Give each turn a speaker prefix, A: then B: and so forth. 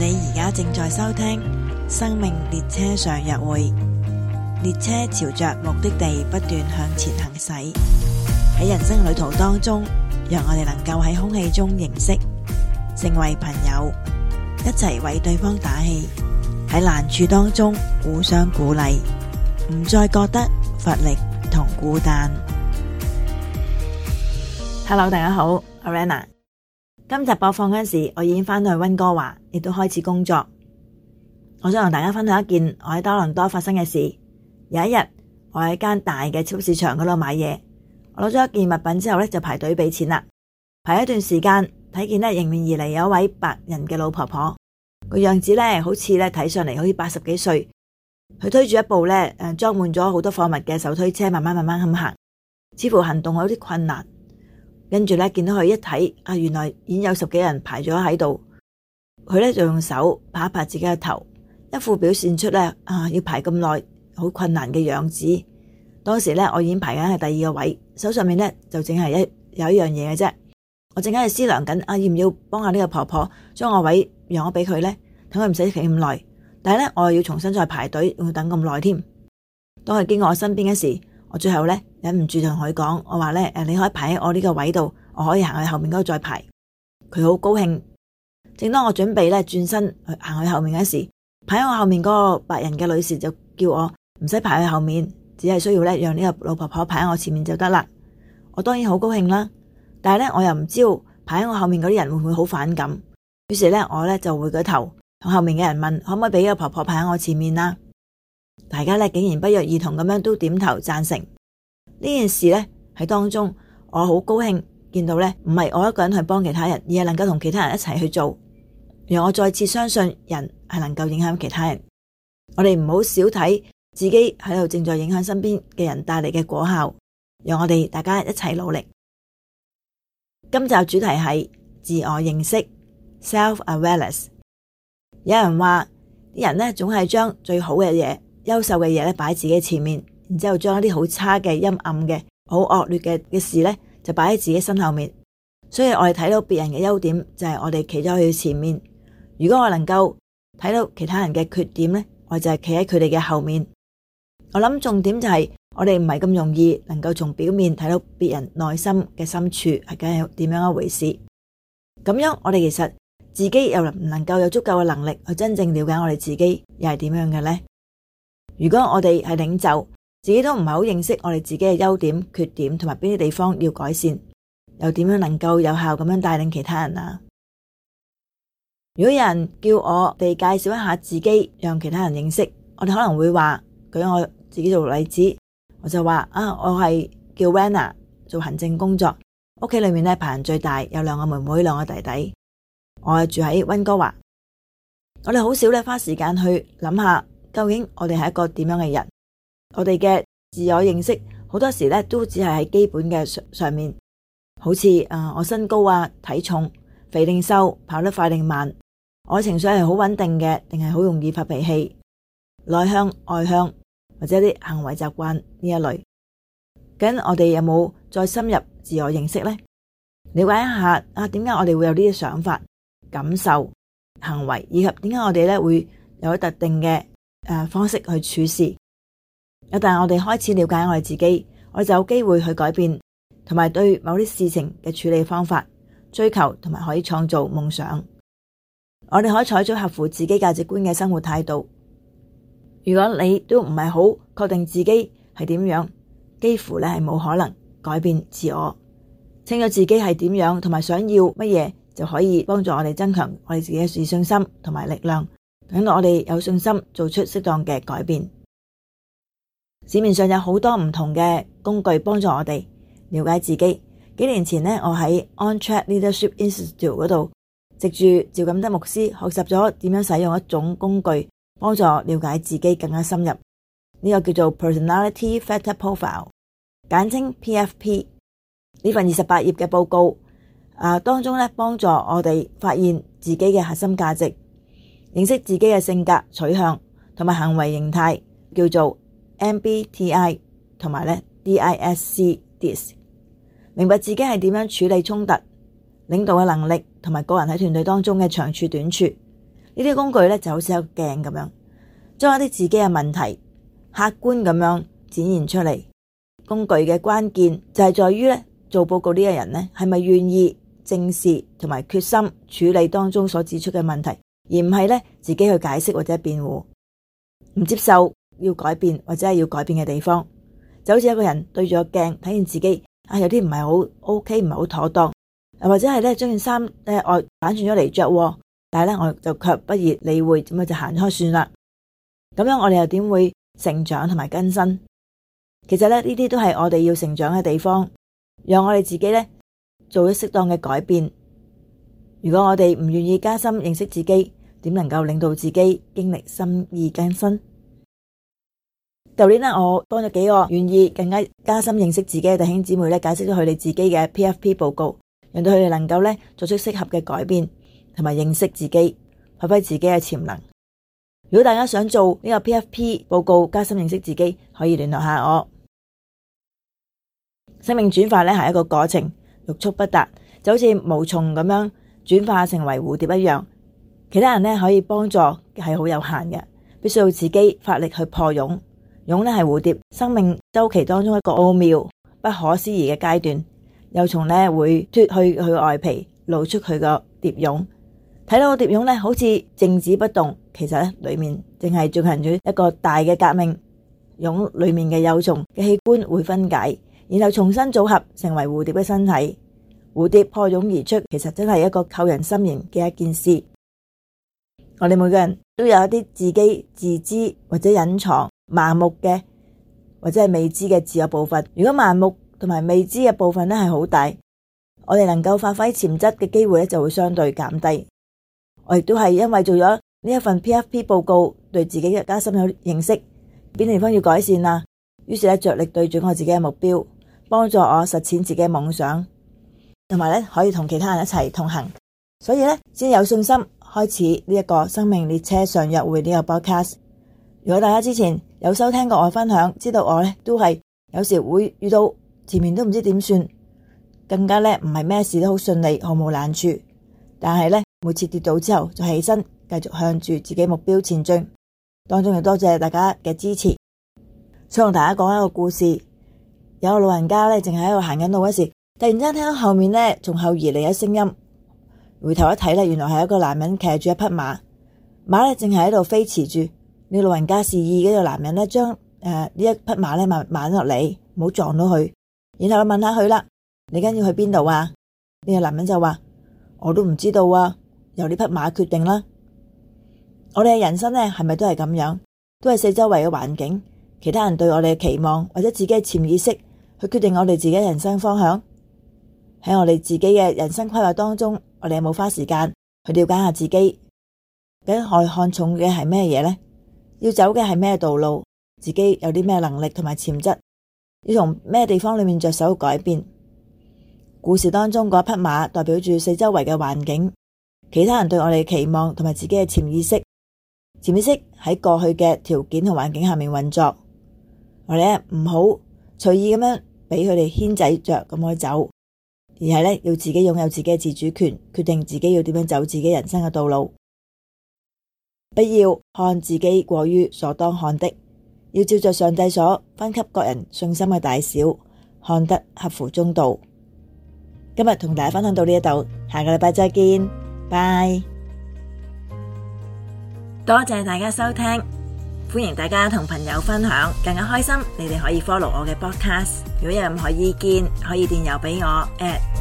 A: 你而家正在收聽生命列車上約會，列車朝着目的地不斷向前行駛。喺人生旅途當中，讓我哋能夠喺空氣中認識，成為朋友，一齊為對方打氣。喺難處當中互相鼓勵，唔再覺得乏力同孤單。Hello，大家好，Rana。今集播放嗰時，我已經返到去温哥華，亦都開始工作。我想同大家分享一件我喺多倫多發生嘅事。有一日，我喺間大嘅超市場嗰度買嘢，我攞咗一件物品之後呢，就排隊俾錢啦。排一段時間，睇見呢迎面而嚟，有一位白人嘅老婆婆，個樣子呢好似呢睇上嚟，好似八十幾歲，佢推住一部呢誒裝滿咗好多貨物嘅手推車，慢慢慢慢咁行，似乎行動有啲困難。跟住咧，見到佢一睇，啊，原來已經有十幾人排咗喺度。佢咧就用手拍一拍自己嘅頭，一副表現出咧啊要排咁耐，好困難嘅樣子。當時咧，我已經排緊係第二個位，手上面咧就淨係一有一樣嘢嘅啫。我正喺度思量緊，啊，要唔要幫下呢個婆婆將個位讓我俾佢咧，等佢唔使企咁耐。但係咧，我又要重新再排隊，要等咁耐添。當佢經過我身邊嘅時，我最後咧。忍唔住同佢講，我話咧，誒，你可以排喺我呢個位度，我可以行去後面嗰度再排。佢好高興。正當我準備咧轉身去行去後面嘅時，排喺我後面嗰個白人嘅女士就叫我唔使排去後面，只係需要咧讓呢個老婆婆排喺我前面就得啦。我當然好高興啦，但係呢，我又唔知道排喺我後面嗰啲人會唔會好反感。於是呢，我呢，就回個頭同後面嘅人問可唔可以俾個婆婆排喺我前面啦？大家呢，竟然不約而同咁樣都點頭贊成。呢件事咧，喺當中，我好高興見到咧，唔係我一個人去幫其他人，而係能夠同其他人一齊去做，讓我再次相信人係能夠影響其他人。我哋唔好少睇自己喺度正在影響身邊嘅人帶嚟嘅果效，讓我哋大家一齊努力。今集主題係自我認識 （Self-Awareness）。有人話啲人咧，總係將最好嘅嘢、優秀嘅嘢咧擺自己前面。然之後將一啲好差嘅、陰暗嘅、好惡劣嘅嘅事呢，就擺喺自己身後面。所以我哋睇到別人嘅優點，就係我哋企咗去前面。如果我能夠睇到其他人嘅缺點呢，我就係企喺佢哋嘅後面。我諗重點就係我哋唔係咁容易能夠從表面睇到別人內心嘅深處係梗係點樣一回事。咁樣我哋其實自己又能唔能夠有足夠嘅能力去真正了解我哋自己又係點樣嘅呢？如果我哋係領袖，自己都唔係好認識我哋自己嘅優點、缺點同埋邊啲地方要改善，又點樣能夠有效咁樣帶領其他人啊？如果有人叫我哋介紹一下自己，讓其他人認識，我哋可能會話舉我自己做例子，我就話啊，我係叫 Rana，做行政工作，屋企裏面咧排行最大，有兩個妹妹、兩個弟弟，我係住喺溫哥華。我哋好少咧花時間去諗下，究竟我哋係一個點樣嘅人。我哋嘅自我認識好多時咧，都只係喺基本嘅上面，好似啊、呃，我身高啊，體重肥定瘦，跑得快定慢，我情緒係好穩定嘅，定係好容易發脾氣，內向外向，或者啲行為習慣呢一類。咁我哋有冇再深入自我認識呢？了解一下啊，點解我哋會有呢啲想法、感受、行為，以及點解我哋咧會有特定嘅誒、呃、方式去處事？一旦，我哋開始了解我哋自己，我哋就有機會去改變，同埋對某啲事情嘅處理方法，追求同埋可以創造夢想。我哋可以採取合乎自己價值觀嘅生活態度。如果你都唔係好確定自己係點樣，幾乎呢係冇可能改變自我。清楚自己係點樣，同埋想要乜嘢，就可以幫助我哋增強我哋自己嘅自信心同埋力量。等到我哋有信心，做出適當嘅改變。市面上有好多唔同嘅工具，幫助我哋了解自己。幾年前呢，我喺 OnTrack Leadership Institute 度，藉住趙錦德牧師學習咗點樣使用一種工具，幫助了解自己更加深入。呢個叫做 Personality Factor Profile，簡稱 PFP。呢份二十八頁嘅報告啊，當中咧幫助我哋發現自己嘅核心價值，認識自己嘅性格取向同埋行為形態，叫做。M B T I 同埋咧 D I S C, D I S C，明白自己係點樣處理衝突、領導嘅能力同埋個人喺團隊當中嘅長處短處。呢啲工具咧就好似一個鏡咁樣，將一啲自己嘅問題客觀咁樣展現出嚟。工具嘅關鍵就係在於咧做報告呢個人咧係咪願意正視同埋決心處理當中所指出嘅問題，而唔係咧自己去解釋或者辯護，唔接受。要改變又或者係要改變嘅地方，就好似一個人對住個鏡睇見自己啊，有啲唔係好 OK，唔係好妥當，又或者係咧將件衫咧我反轉咗嚟著，但係咧我就卻不如理會，咁咪就行開算啦。咁樣我哋又點會成長同埋更新？其實咧呢啲都係我哋要成長嘅地方，讓我哋自己咧做咗適當嘅改變。如果我哋唔願意加深認識自己，點能夠領導自己經歷心意更新？舊年咧，我幫咗幾個願意更加加深認識自己嘅弟兄姊妹咧，解釋咗佢哋自己嘅 PFP 報告，令到佢哋能夠咧做出適合嘅改變，同埋認識自己，發揮自己嘅潛能。如果大家想做呢個 PFP 報告加深認識自己，可以聯絡下我。生命轉化咧係一個過程，欲速不達，就好似毛蟲咁樣轉化成為蝴蝶一樣。其他人咧可以幫助係好有限嘅，必須要自己發力去破蛹。蛹咧係蝴蝶生命週期當中一個奧妙，妙、不可思議嘅階段，幼蟲咧會脫去佢個外皮，露出佢個蝶蛹。睇到個蝶蛹咧，好似靜止不動，其實咧裏面淨係進行咗一個大嘅革命。蛹裏面嘅幼蟲嘅器官會分解，然後重新組合成為蝴蝶嘅身體。蝴蝶破蛹而出，其實真係一個扣人心弦嘅一件事。我哋每個人都有一啲自己自知或者隱藏。盲目嘅或者係未知嘅自我部分，如果盲目同埋未知嘅部分咧係好大，我哋能夠發揮潛質嘅機會咧就會相對減低。我亦都係因為做咗呢一份 P F P 報告，對自己更加深有認識，邊地方要改善啦、啊，於是呢，着力對準我自己嘅目標，幫助我實踐自己嘅夢想，同埋呢可以同其他人一齊同行，所以呢，先有信心開始呢、這、一個生命列車上約會呢、這個 podcast。如果大家之前，有收聽過我分享，知道我呢都係有時會遇到前面都唔知點算，更加呢唔係咩事都好順利，毫無難處。但係呢，每次跌倒之後，就起身繼續向住自己目標前進。當中又多謝大家嘅支持，想同大家講一個故事。有一個老人家呢，淨係喺度行緊路嗰時，突然之間聽到後面呢從後而嚟嘅聲音，回頭一睇呢，原來係一個男人騎住一匹馬，馬呢淨係喺度飛馳住。你老人家示意嗰個男人咧，將誒呢一匹馬咧慢慢落嚟，唔好撞到佢。然後問下佢啦，你而家要去邊度啊？呢、這個男人就話，我都唔知道啊，由呢匹馬決定啦。我哋嘅人生呢，係咪都係咁樣？都係四周圍嘅環境、其他人對我哋嘅期望或者自己嘅潛意識去決定我哋自己嘅人生方向。喺我哋自己嘅人生規劃當中，我哋有冇花時間去了解下自己？究竟我哋看重嘅係咩嘢呢？要走嘅係咩道路？自己有啲咩能力同埋潛質？要從咩地方裏面着手改變？故事當中嗰匹馬代表住四周圍嘅環境，其他人對我哋嘅期望同埋自己嘅潛意識，潛意識喺過去嘅條件同環境下面運作。我哋唔好隨意咁樣俾佢哋牽制着咁去走，而係咧要自己擁有自己嘅自主權，決定自己要點樣走自己人生嘅道路。不要看自己過於所當看的，要照着上帝所分給各人信心嘅大小看得合乎中道。今日同大家分享到呢一度，下個禮拜再見，拜。多謝大家收聽，歡迎大家同朋友分享，更加開心。你哋可以 follow 我嘅 podcast，如果有任何意見，可以電郵俾我 at。